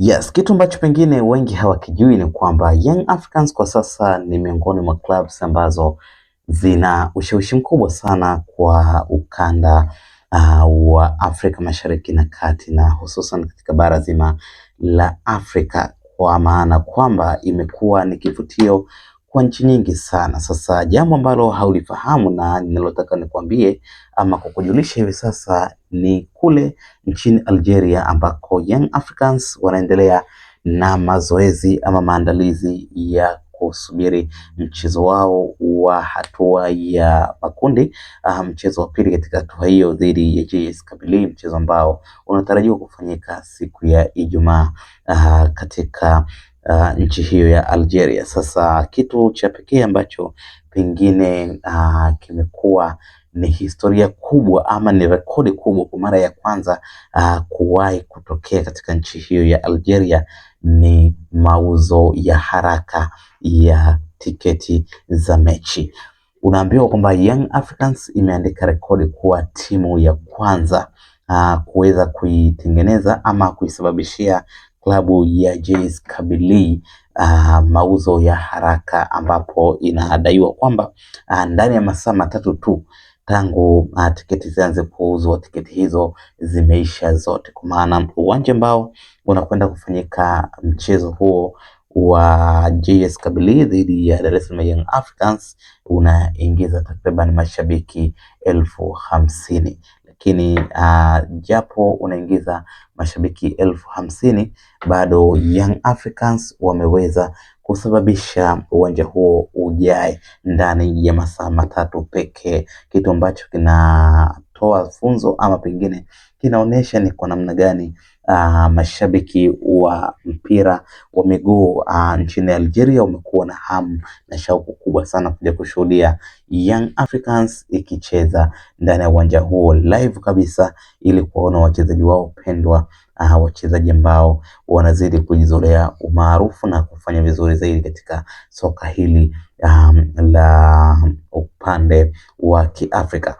Yes, kitu ambacho pengine wengi hawakijui ni kwamba Young Africans kwa sasa ni miongoni mwa clubs ambazo zina ushawishi mkubwa sana kwa ukanda uh, wa Afrika Mashariki na Kati na hususan katika bara zima la Afrika kwa maana kwamba imekuwa ni kivutio kwa nchi nyingi sana. Sasa jambo ambalo haulifahamu na ninalotaka nikwambie ama kukujulisha hivi sasa ni kule nchini Algeria ambako Young Africans wanaendelea na mazoezi ama maandalizi ya kusubiri mchezo wao wa hatua ya makundi ah, mchezo wa pili katika hatua hiyo dhidi ya JS Kabylie, mchezo ambao unatarajiwa kufanyika siku ya Ijumaa uh, katika uh, nchi hiyo ya Algeria. Sasa kitu cha pekee ambacho pengine uh, kimekuwa ni historia kubwa ama ni rekodi kubwa kwa mara ya kwanza uh, kuwahi kutokea katika nchi hiyo ya Algeria ni mauzo ya haraka ya tiketi za mechi. Unaambiwa kwamba Young Africans imeandika rekodi kuwa timu ya kwanza uh, kuweza kuitengeneza ama kuisababishia klabu ya JS Kabylie uh, mauzo ya haraka ambapo inadaiwa kwamba uh, ndani ya masaa matatu tu tangu uh, tiketi zianze kuuzwa, tiketi hizo zimeisha zote, kwa maana uwanja ambao unakwenda kufanyika mchezo huo wa JS Kabylie dhidi ya Dar es Salaam Young Africans unaingiza takriban mashabiki elfu hamsini lakini uh, japo unaingiza mashabiki elfu hamsini bado Young Africans wameweza kusababisha uwanja huo ujae ndani ya masaa matatu pekee, kitu ambacho kinatoa funzo ama pengine kinaonyesha ni kwa namna gani uh, mashabiki wa mpira wa miguu uh, nchini Algeria wamekuwa na hamu na shauku kubwa sana kuja kushuhudia Young Africans ikicheza ndani ya uwanja huo live kabisa, ili kuwaona wachezaji wao pendwa uh, wachezaji ambao wanazidi kujizolea umaarufu na kufanya vizuri zaidi katika soka hili um, la upande wa Kiafrika.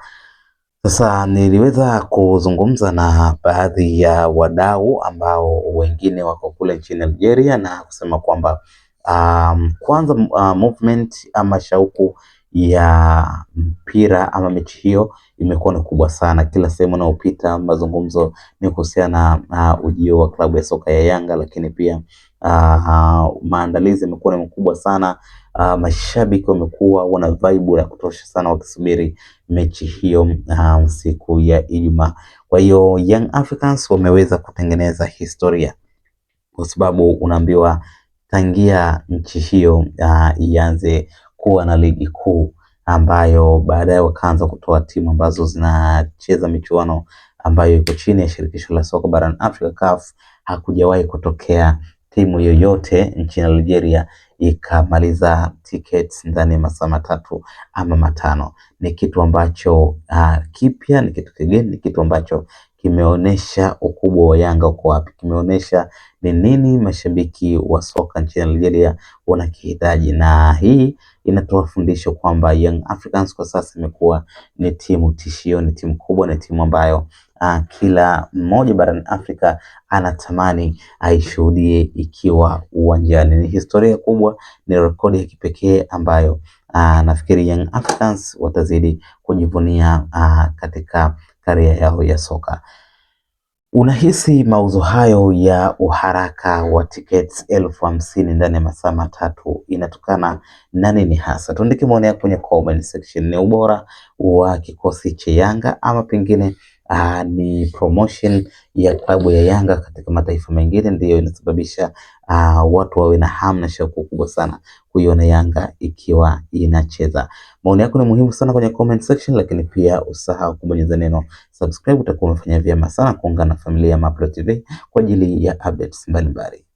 Sasa niliweza kuzungumza na baadhi ya wadau ambao wengine wako kule nchini Algeria na kusema kwamba um, kwanza uh, movement ama shauku ya mpira ama mechi hiyo imekuwa ni kubwa sana. Kila sehemu inayopita mazungumzo ni kuhusiana na uh, ujio wa klabu ya soka ya Yanga, lakini pia uh, uh, maandalizi yamekuwa ni makubwa sana uh, mashabiki wamekuwa wana vibe la kutosha sana wakisubiri mechi hiyo uh, siku ya Ijumaa. Kwa hiyo Young Africans wameweza kutengeneza historia kwa sababu unaambiwa tangia nchi hiyo ah, ianze kuwa na ligi kuu ambayo baadaye wakaanza kutoa timu ambazo zinacheza michuano ambayo iko chini ya shirikisho la soka barani Afrika CAF, hakujawahi kutokea timu yoyote nchini Algeria ikamaliza tickets ndani ya masaa matatu ama matano. Ni kitu ambacho uh, kipya, ni kitu kigeni, ni kitu ambacho kimeonyesha ukubwa wa Yanga uko wapi, kimeonyesha ni nini mashabiki wa soka nchini Algeria wanakihitaji, na hii inatoa fundisho kwamba Young Africans kwa sasa imekuwa ni timu tishio, ni timu kubwa, ni timu ambayo uh, kila mmoja barani Afrika anatamani aishuhudie ikiwa uwanjani. Ni historia kubwa, ni rekodi ya kipekee ambayo uh, nafikiri Young Africans watazidi kujivunia uh, katika karia yao ya soka. Unahisi mauzo hayo ya uharaka wa tickets elfu hamsini ndani ya masaa matatu inatokana na nini hasa? Tuandike maoni yako kwenye comment section. Ni ubora wa kikosi cha Yanga ama pengine uh, ni promotion ya klabu ya Yanga katika mataifa mengine ndiyo inasababisha uh, watu wawe na hamu na shauku kubwa sana kuiona Yanga ikiwa inacheza. Maoni yako ni muhimu sana kwenye comment section, lakini pia usahau kubonyeza neno subscribe. Utakuwa umefanya vyema sana kuungana na familia ya Mapro TV kwa ajili ya updates mbalimbali.